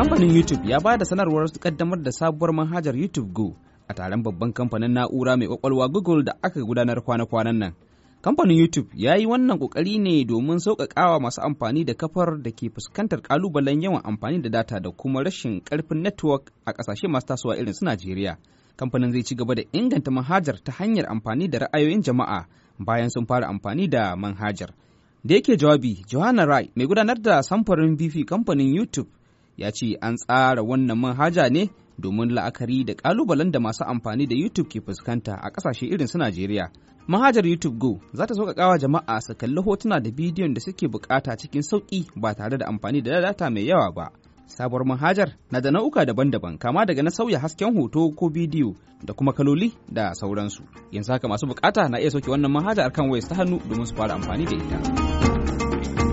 Kamfanin YouTube ya ba da sanarwar kaddamar da sabuwar manhajar YouTube Go a taron babban kamfanin na'ura mai kwakwalwa Google da aka gudanar kwana-kwanan nan. Kamfanin YouTube ya yi wannan kokari ne domin sauƙaƙawa masu amfani da kafar da ke fuskantar ƙalubalen yawan amfani da data da kuma rashin ƙarfin network a ƙasashe masu tasowa irin su Najeriya. Kamfanin zai ci gaba da inganta manhajar ta hanyar amfani da ra'ayoyin jama'a bayan sun fara amfani da manhajar. Da yake jawabi, Johanna Rai, mai gudanar da samfurin bifi kamfanin YouTube, ya ce an tsara wannan manhaja ne domin la'akari da kalubalen da masu amfani da YouTube ke fuskanta a kasashe irin su Najeriya. Manhajar YouTube Go za ta sauƙaƙawa jama'a su kalli hotuna da bidiyon da suke bukata cikin sauƙi ba tare da amfani da data mai yawa ba. Sabuwar manhajar na da nau'uka daban-daban kama daga na sauya hasken hoto ko bidiyo da kuma kaloli da sauransu. Yanzu haka masu bukata na iya sauke wannan manhajar kan wayar ta hannu domin su fara amfani da ita.